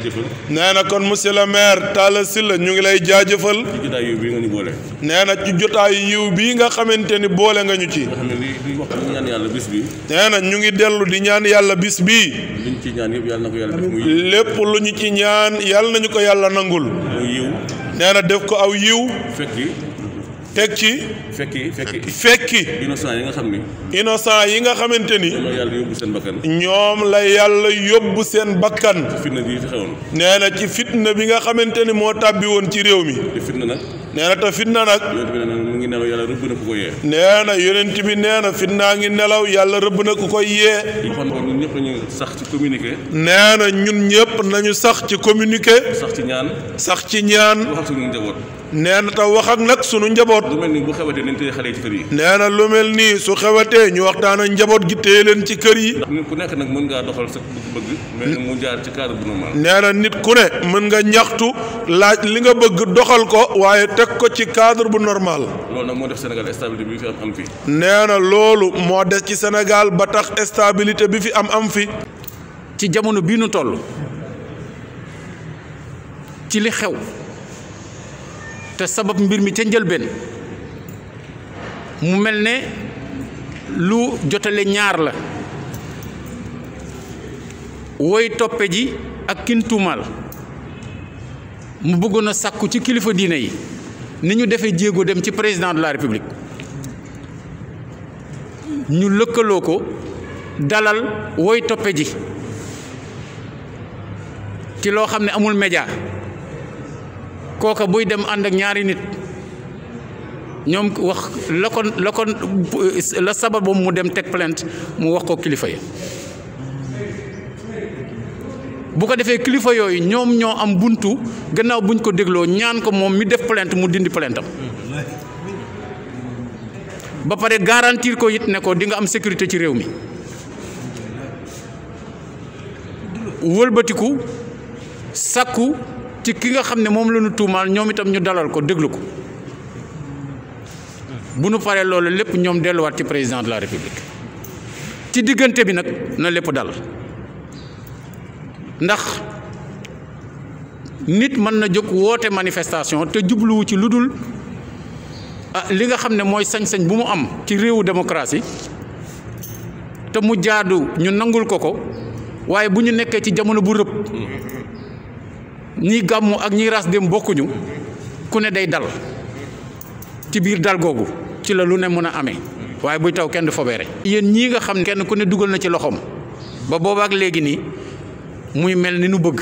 jaajëfal. kon na kon monsieur le maire Talla Sylla ñu ngi lay jaajëfal. ci jotaayu yiw bii nga ñu boole. nee na ci jotaayu yiw bii nga xamante ni boole nga ñu ci. nee na ñu ngi dellu di ñaan yàlla bis bi luñ ci ñaan yëpp yàlla na lépp lu ñu ci ñaan yàlla nañu ko yàlla nangul. muy def ko aw yiw. teg ci. fekki fekki fekki. innocent yi nga xam ni. innocent yi nga xamante ni. ñoom la yàlla yóbbu seen bakkan. ñoom la yàlla yóbbu seen bakkan. ci bi nee na ci fitna bi nga xamante ni moo tàbbi woon ci réew mi. te nee na te fitna nag. mu ngi nelaw yàlla rëbb na ku ko yee. nee na yonent bi nee na fitnaa ngi nelaw yàlla rëbb na ku koy yee. ñun ñëpp nañu na ñun ñëpp nañu sax ci communiqué. sax ci ñaan. sax ci ñaan. wax ak suñu njaboot. na te wax ak nag sunu njaboot. lu mel ni bu xewatee yi ci kër lu mel nii su xewatee ñu waxtaan ak njaboot gi téye leen ci kër yi. nit ku nekk nag mën ngaa doxal sa bëgg-bëgg. mais mu jaar ci cadre bu normal. nee nit ku ne mën nga ñaxtu. laaj li nga bëgg doxal ko waaye teg ko ci cadre bu normal. loolu nag moo def Sénégal stabilité bi fi am am fii. nee loolu moo des ci Sénégal ba tax stabilité bi fi am am fi. ci jamono bii nu toll ci li xew te sabab mbir mi ca njëlbeen mu mel ne lu jotale ñaar la woy toppe ji ak kintumal mu bëggoon a sàkku ci kilifa diine yi ni ñu defee jéego dem ci président de la république ñu lëkkaloo ko dalal woy toppe ji ci loo xam ne amul média kooka buy dem ànd ak ñaari nit ñoom wax la kon la kon la sababam mu dem teg plainte mu wax ko kilifa yi bu ko defee kilifa yooyu ñoom ñoo am buntu gannaaw buñ ko dégloo ñaan ko moom mi def plainte mu dindi plainte am ba pare garantir ko it ne ko di nga am sécurité ci réew mi wëlbatiku sàkku ci ki nga xam ne moom la tuumaal ñoom itam ñu dalal ko déglu ko bu nu paree loolu lépp ñoom delluwaat ci président de la république ci diggante bi nag na lépp dal ndax nit mën na jóg woote manifestation te jubluwu ci lu dul a ah, li nga xam ne mooy sañ-sañ bu mu am ci réewu démocratie te mu jaadu ñu nangul ko ko waaye bu ñu nekkee ci jamono bu rëb ñiy gàmmu ak ñiy ras dem bokkuñu ku ne day dal ci biir dal googu ci la lu ne mën a amee waaye buy taw kenn du fobeere yéen ñii nga xam kenn ku ne dugal na ci loxoom ba boobaak léegi nii muy mel ni nu bëgg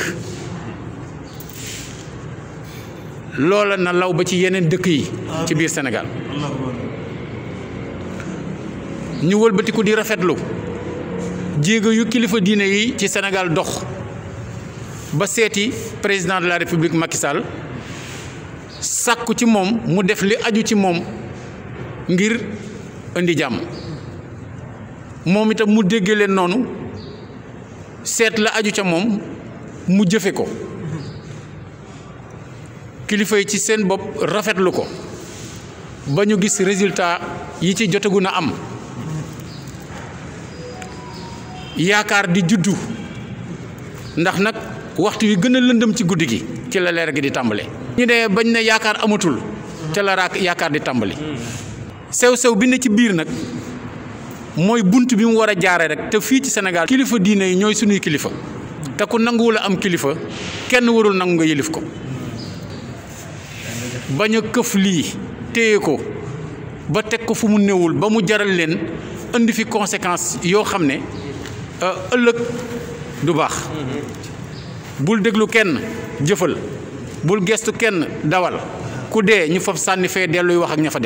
loola na law ba ci yeneen dëkk yi ci biir Sénégal ñu wëlbatiku di rafetlu jéego yu kilifa diine yi ci senegal dox ba seeti président de la République Macky Sall sàkku ci moom mu def li aju ci moom ngir indi jàmm moom itam mu dégg leen noonu seet la aju ca moom mu jëfe ko kilifa yi ci seen bopp rafetlu ko ba ñu gis résultat yi ci jotagu na am yaakaar di juddu ndax nag waxtu wi gën a lëndëm ci guddi gi ci la leer gi di tàmbale ñu ne bañ na yaakaar amatul ca la raak yaakaar di tàmbali hmm. sew sew bi ne ci biir nag mooy bunt bi mu war a jaare rek te fii ci Sénégal kilifa diine yi ñooy kilifa te ku nanguwul am kilifa kenn warul nangu nga yëlif ko bañ a këf lii téye ko ba teg ko fu mu néewul ba mu jaral len, andi fi conséquence yo xam ne euh, ëllëg du baax bul déglu kenn jëfal bul gestu kenn dawal ku dee ñu fab sànni fee delluy wax ak ña fa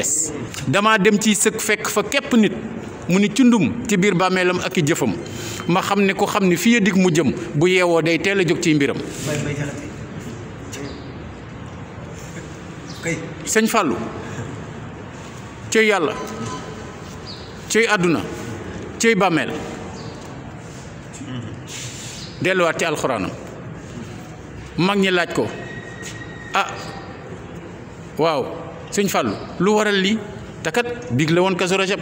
dama dem ci sëg fekk fa képp nit mu ni cundum ci biir bàmmeelam ak i jëfam ma xam ne ku xam ne fii dig mu jëm bu yeewoo day teel a jóg ciy mbiram sëñ Fallou cëy yàlla cëy àdduna cëy bàmmeel delluwaat ci alxuraanam mag ñi laaj ko ah waaw sëñ Fallou lu waral li takat biig la woon kaso rajab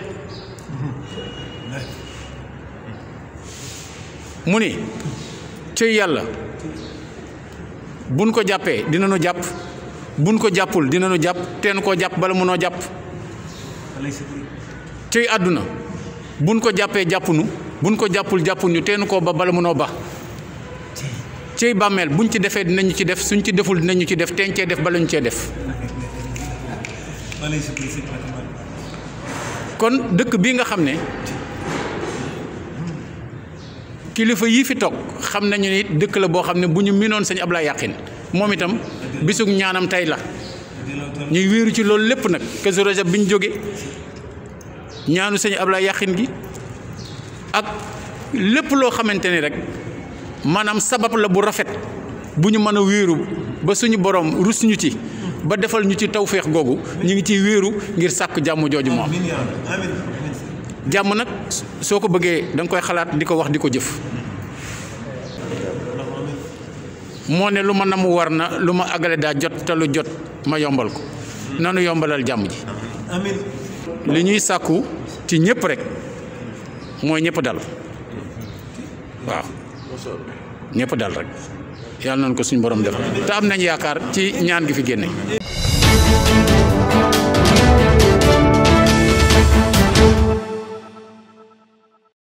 mu ni cëy yàlla buñ ko jàppee dina nu jàpp buñ ko jàppul dina nu jàpp teen koo jàpp bala munoo jàpp cëy àdduna buñ ko jàppee jàppunu buñ ko jàppul jàppul ñu teenu koo ba bala munoo ba cëy bàmmeel buñ ci defee dinañu ci def suñ ci deful dinañu ci def teen cee def bala ñu cee def kon dëkk bii nga xam ne kilifa yii fi toog xam nañu ni dëkk la boo xam ne bu ñu minoon sëñ Ablaye Yàqin moom itam bisug ñaanam tey la ñuy wéeru ci loolu lépp nag Kazu Rajab bi ñu jóge ñaanu sëñ Ablaye Yàqin gi ak lépp loo xamante ni rek maanaam sabab la bu rafet bu ñu mën a wéeru ba suñu borom rus ñu ci ba defal ñu ci tawféex googu ñu ngi ciy wéeru ngir sàkk jàmm jooju moom jamm nak soko beugé dang koy xalat di wax di jëf mo né luma namu warna luma agalé da jot te lu jot ma yombal ko nanu yombalal jamm ji li ñuy sakku ci ñëpp rek moy ñëpp dal waaw ñëpp dal rek yalla nañ ko suñu borom def ta am nañ yaakar ci ñaan gi fi génné